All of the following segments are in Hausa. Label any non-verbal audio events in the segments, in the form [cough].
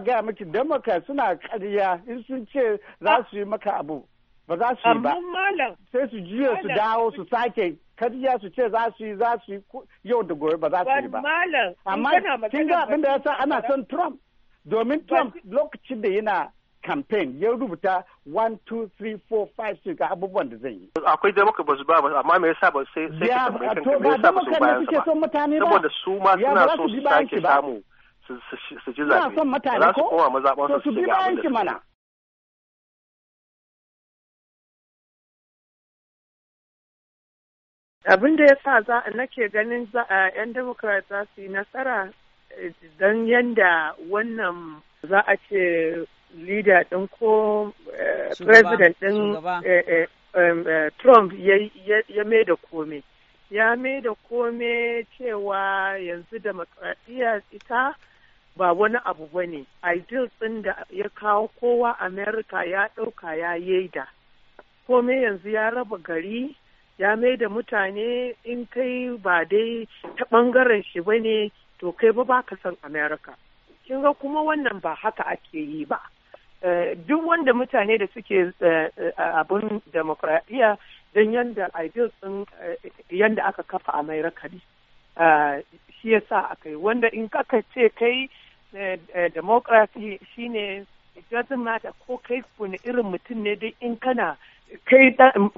gaya miki damaka suna karya in sun ce za ah. su yi maka abu ba za su yi ba sai su jiya su dawo su sake karya su ce za su yi za su yi yau da gobe ba za su yi ba amma kin ga abin da ya sa ana son trump domin trump lokacin da yana campaign ya rubuta 1 2 3 4 5 6 ga abubuwan da zai yi akwai da ba su ba amma me yasa ba sai sai ka tambaye kanka me yasa ba su bayan ba saboda su ma suna so su sake samu su ji zaɓe za su koma su shiga abin da mana abin da ya sa za nake ganin 'yan democrat za su yi nasara eh, don yadda wannan za a ce leader ɗin ko eh, president ɗin eh, trump ya mai da kome ya mai da kome cewa yanzu demokradiyya ita ba wani abu ba ne ideal ɗin da ya kawo kowa america ya ɗauka ya yaida kome yanzu ya raba gari ya mai da mutane in kai ba dai ta ɓangaren shi ba ne to kai ba ba ka san america kin ga kuma wannan ba haka ake yi ba eh, duk wanda mutane da suke eh, eh, abun demokradiyya don yadda ideal ɗin yadda aka kafa america ne shi ya sa aka yi wanda in aka ce kai Eh, eh, democracy shine it doesn't matter ko kai wani irin mutum ne dai in kana kai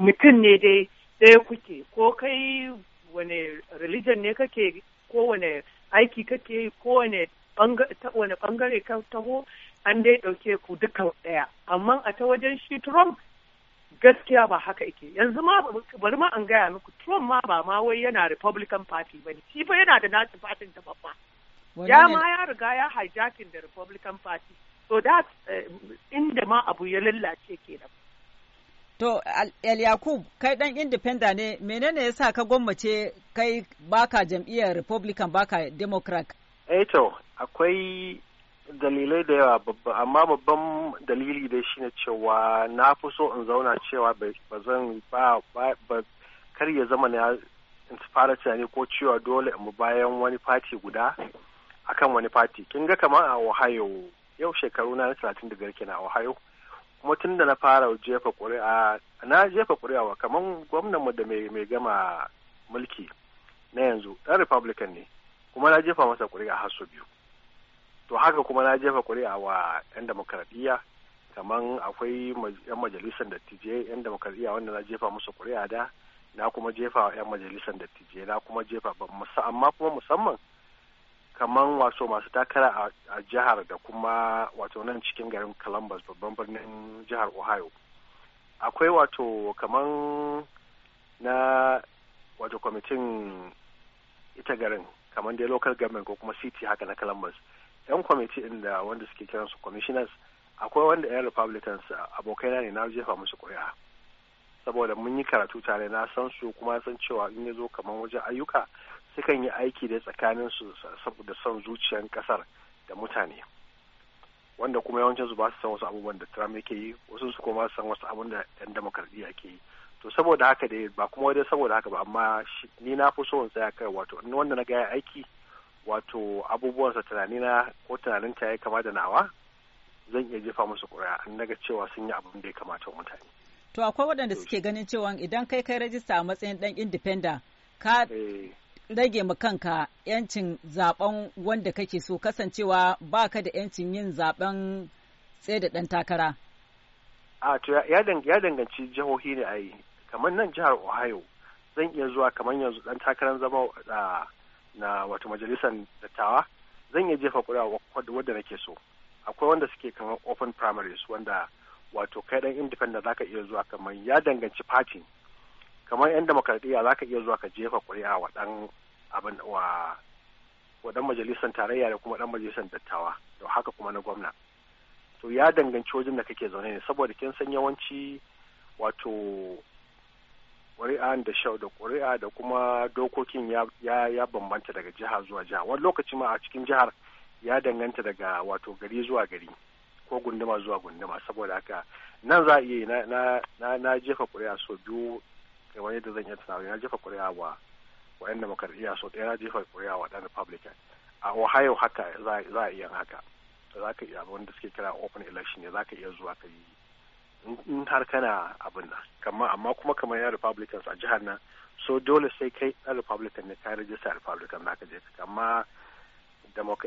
mutum ne dai ɗaya kuke ko kai wani religion ne kake ko wani aiki kake ko wani bangare ka taho an dai ɗauke ku duka ɗaya amma a ta wajen shi Trump gaskiya ba haka yake yanzu ma bari ma an gaya muku Trump ma ba ma wai yana Republican Party ba ne shi fa yana da nasu fatin ta babba ya ma ya riga ya hijacking da Republican Party. So that's eh, inda ma abu ya lallace kenan. To, El Yakub, kai ɗan independent ne, menene yasa ka gwammace kai baka jam'iyyar Republican baka Democrat? Eh to, akwai dalilai da yawa amma babban dalili dai shine cewa na fi so in zauna cewa ba zan ba kar ya zama na in fara tunani ko cewa dole mu bayan wani fati guda akan wani fati kin ga kamar a ohio yau shekaru na talatin da biyar kenan a ohio kuma tun da na fara jefa ƙuri'a na jefa ƙuri'a wa kamar gwamnan mu da mai gama mulki na yanzu ɗan republican ne kuma na jefa masa ƙuri'a har su biyu to haka kuma na jefa ƙuri'a wa 'yan demokradiyya kamar akwai 'yan majalisar dattijai 'yan demokradiyya wanda na jefa musu ƙuri'a da na kuma jefa 'yan majalisar dattijai na kuma jefa amma kuma musamman kaman wato masu takara a jihar da kuma wato nan cikin garin columbus babban birnin jihar ohio akwai wato kaman na wato kwamitin ita garin kaman dai local government ko kuma city haka na columbus yan kwamiti inda wanda suke kiransu commissioners akwai wanda yan republicans abokaina ne na jefa musu ƙuri'a saboda mun yi karatu tare na san su kuma san cewa in ya zo kaman wajen ayyuka sukan yi aiki da tsakanin su saboda son zuciyan kasar da mutane wanda kuma yawancin su ba su san wasu abubuwan da Trump yake yi wasu su kuma san wasu abun da yan demokradiyya ke yi to saboda haka dai ba kuma dai saboda haka ba amma ni na fi so in tsaya kai wato in wanda na ga aiki wato abubuwan sa tunani na ko tunanin ta ya kama da nawa zan iya jefa musu ƙuri'a an daga cewa sun yi abin da ya kamata mutane. To akwai waɗanda suke ganin cewa idan kai kai rajista a matsayin ɗan indifenda ka eh. rage ma kanka yancin zaben wanda kake so kasancewa ba ka da yancin yin zaben tsaye da ɗan takara? A to ya danganci jihohi ne a yi, kamar nan jihar Ohio zan iya zuwa kamar yanzu ɗan takarar zama na wata majalisar dattawa zan iya jefa kuɗa wadda nake so. Akwai wanda suke kamar open primaries wanda wato kai ɗan independent zaka iya zuwa kamar ya danganci party kamar yan demokradiyya za ka iya zuwa ka jefa kuria wa ɗan abin wa wa dan majalisar tarayya da kuma ɗan majalisar dattawa da haka kuma na gwamna to ya danganci wajen da kake zaune ne saboda kin san yawanci wato kuri'an da shau da ƙuri'a da kuma dokokin ya bambanta daga jiha zuwa jiha wani lokaci ma a cikin jihar ya danganta daga wato gari zuwa gari ko gunduma zuwa gunduma saboda haka nan za a iya na jefa kuri'a so biyu kamar yadda zan iya tunawa ya jefa kuri'a wa wa'yan demokradiyya so ɗaya ya jefa kuri'a wa ɗan republican a ohio haka za a iya haka za ka iya wanda suke kira open election ne za ka iya zuwa ka yi in har kana abin nan kamar amma kuma kamar yan republicans a jihar nan so dole sai kai ɗan republican ne ka rajista republican na ka je ka amma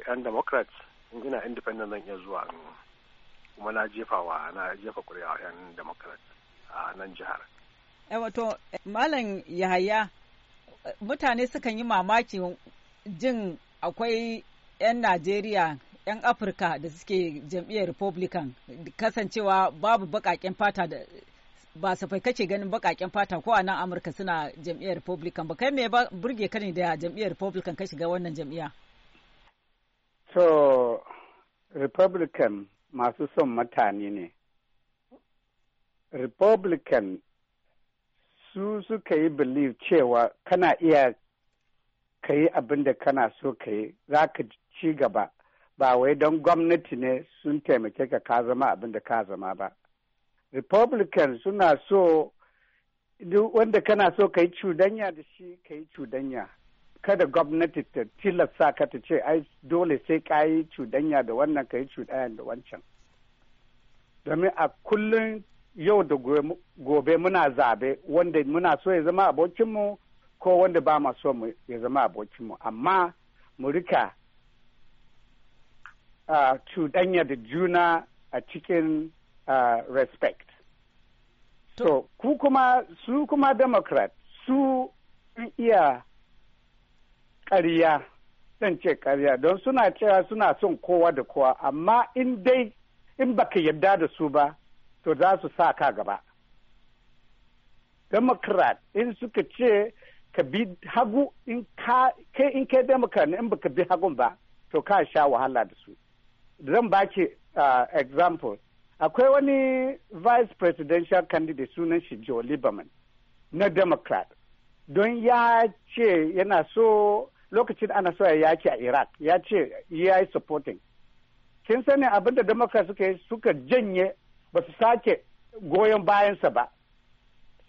yan democrats in ina independent zan iya zuwa kuma na jefa wa na jefa kuri'a yan democrats a nan jihar Eh, wato malam yahaya mutane sukan yi mamaki jin akwai 'yan najeriya 'yan afirka da suke jam'iyyar republican kasancewa babu bakaken fata da ba safai kace ganin bakaken fata ko a nan amurka suna jam'iyyar republican ba kai me ba burge ka ne da jam'iyyar republican ka shiga wannan jam'iyya so republican masu son mutane ne republican su suka yi believe cewa kana iya ka yi abin da kana so ka yi za ka ci gaba ba wai don gwamnati ne sun taimake ka ka zama abin da ka zama ba republican suna so wanda kana so ka yi cudanya da shi ka yi cudanya kada gwamnati ta tilasta ka ta ce ai dole sai ka yi cudanya da wannan ka yi cudanya da wancan domin a kullum yau da gobe muna zabe wanda muna so ya zama abokinmu ko wanda ba ma so ya zama abokinmu amma mu rika cuɗanya da juna a cikin respect so ku kuma su kuma democrat su iya ƙarya zan ce ƙarya don suna cewa suna son kowa da kowa amma in dai in baka yarda da su ba to za su sa ka gaba democrat in suka ce ka bi hagu in ka kai in kai democrat in baka bi hagun ba to ka sha wahala da su zan baki ah, example akwai wani vice presidential candidate sunan shi Joe Lieberman na democrat don ya ce yana so lokacin ana so ya yaki a iraq ya ce ya yi supporting kin sani abinda democrat suka yi suka janye ba su sake goyon bayansa ba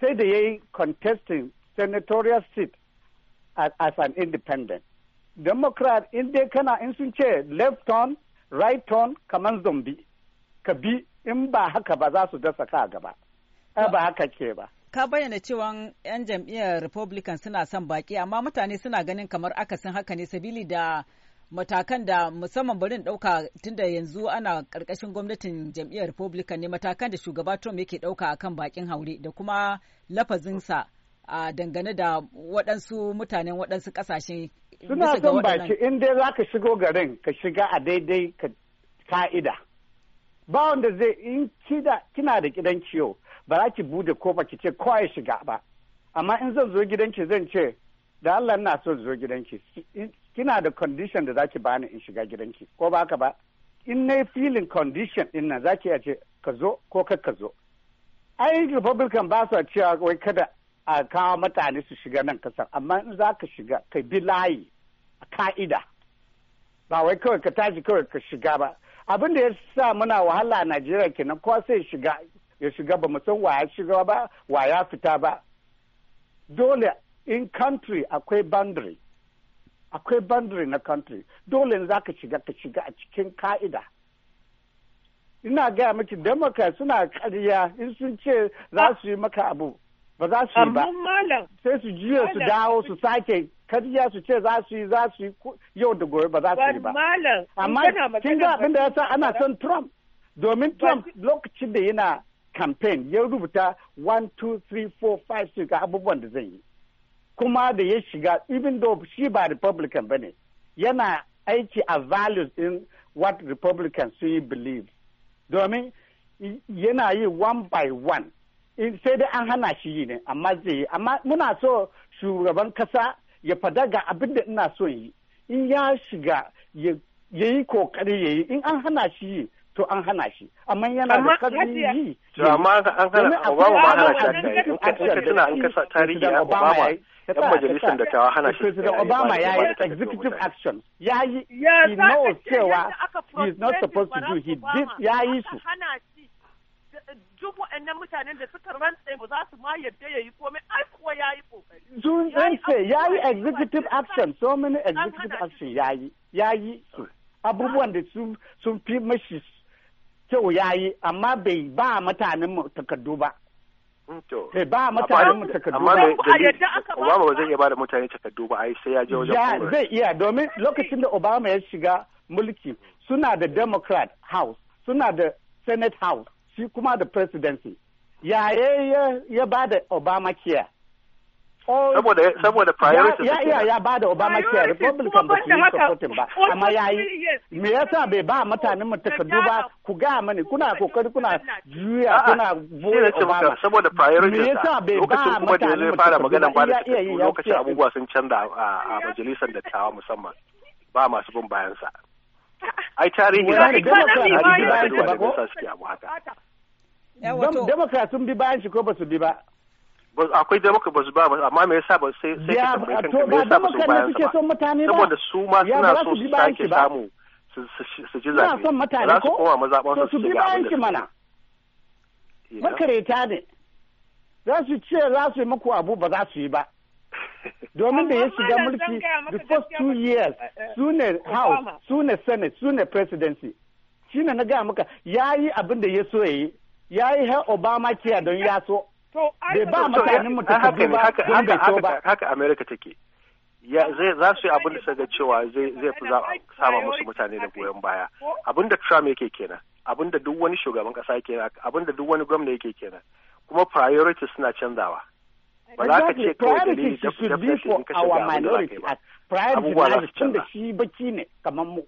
sai da ya yi contesting senatorial seat as an independent democrat in dai kana in sun ce left turn right turn kamar zombi ka bi in ba haka ba za su dasa ka gaba ba haka ke ba ka bayyana cewa 'yan jam'iyyar republican suna son baki amma mutane suna ganin kamar akasin haka ne sabili da matakan da musamman barin ɗauka tunda yanzu ana ƙarƙashin gwamnatin jam'iyyar republican ne matakan da shugaba trump yake ɗauka a kan bakin haure da kuma lafazinsa a dangane da waɗansu mutanen waɗansu ƙasashe suna son baki in dai za ka shigo garin ka shiga a daidai ka'ida ba wanda zai in kina da gidan ciwo ba za ki bude ba ki ce kawai shiga ba amma in zan zo gidan ki zan ce da Allah ina so zo gidanki kina da condition da zaki bani in shiga gidanki ko ba ba in na filin condition din nan zaki ya ce ka zo ko kar ka zo ai republican ba su cewa wai kada a kawo mutane su shiga nan kasar amma in za ka shiga ka bi layi a ka'ida ba wai kawai ka tashi kawai ka shiga ba abin da ya sa muna wahala a najeriya kenan ko sai shiga ya shiga ba mu san wa ya shiga ba wa ya fita ba dole in country akwai boundary akwai boundary na country dole ne za ka shiga ka shiga a cikin ka'ida ina gaya miki democrat suna karya in sun ce za su yi maka abu ba za su yi ba sai su jiya su dawo su sake karya su ce za su yi za su yi yau da gobe ba za su yi ba amma kin ga abin da ya sa ana son trump domin trump lokacin da yana campaign ya rubuta 1 2 3 4 5 6 abubuwan da zai yi kuma da ya shiga even though shi ba republican ba ne yana aiki a values in what republicans sun yi believe domin yana yi one by one sai dai an hana shi yi ne amma zai yi amma muna so shugaban kasa ya fada ga abin da ina so yi in ya shiga ya yi kokari ya yi in an hana shi yi to an hana shi amma yana da kadiri to amma an hana Obama ba hana shi in ka tuna an kasa tarihi a Obama yan majalisar da tawa hana shi President Obama ya yi executive action ya yi he knows cewa he is not supposed to do he did ya yi su duk waɗannan mutanen da suka rantse ba za su ma yadda ya yi komai ai kuwa ya yi ƙoƙari. Sun rantse ya yi executive action so many executive action ya yi ya yi su abubuwan da sun fi mashi kyau ya yi amma bai ba mutanen mu takardu ba. Mm, bai ba mutanen mu takardu ba. Amma Obama ba zai iya ba da mutane takardu ba ai sai ya je wajen kuma. Zai iya domin lokacin da Obama ya shiga mulki suna da Democrat House suna da Senate House shi kuma da presidency. Yaye ya ba da Obama Obamacare Oh, saboda saboda priority ya iya ya bada obama care republican ba su yi supporting ba amma ya yi me yasa bai ba mutanen mu takardu ba ku ga mani kuna kokari kuna juya kuna vote obama saboda priority me yasa bai ba mutanen mu fara magana ba da takardu lokacin abubuwa sun canza a majalisar dattawa musamman ba masu bin bayansa ai tarihi na da ba ko sun bi bayan shi ko ba su bi ba akwai da muka basu ba amma me yasa ba sai sai ka tambaye kanka me yasa ba su bayan sa saboda su ma suna so su sake samu su ji zafi su mutane ko koma mazaɓan su bi bayan shi mana makareta ne za su ce za su yi muku abu ba za su yi ba [laughs] domin da ya shiga mulki the first two years eh, eh, su ne house su ne senate su ne presidency shine na gaya maka ya yi abin da ya so ya yi ya yi obama kiya don ya so bai ba mutanen ba haka america take ya zai za su yi abin da su ga cewa zai zai fi sama musu mutane da goyon baya abin da Trump yake kenan abin da duk wani shugaban kasa yake kenan abin da duk wani gwamna yake kenan kuma priorities suna canzawa ba za ka ce kawai dalili da in ka shiga abin da za ba abubuwa za su canza. shi baki ne kamar mu.